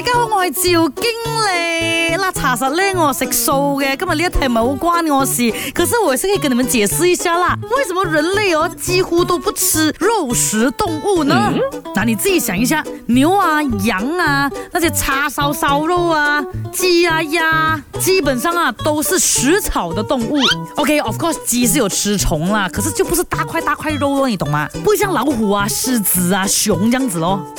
大家好，我係趙經理。那查實呢，我食素嘅，今日呢一題唔係好關我事。可是我還是可以跟你們解釋一下啦，為什麼人類哦幾乎都不吃肉食動物呢？嗱、嗯，那你自己想一下，牛啊、羊啊，那些叉燒燒肉啊、雞啊、鴨，基本上啊都是食草的動物。OK，of course，雞是有吃蟲啦，可是就不是大塊大塊肉，你懂嗎？不會像老虎啊、獅子啊、熊這樣子咯。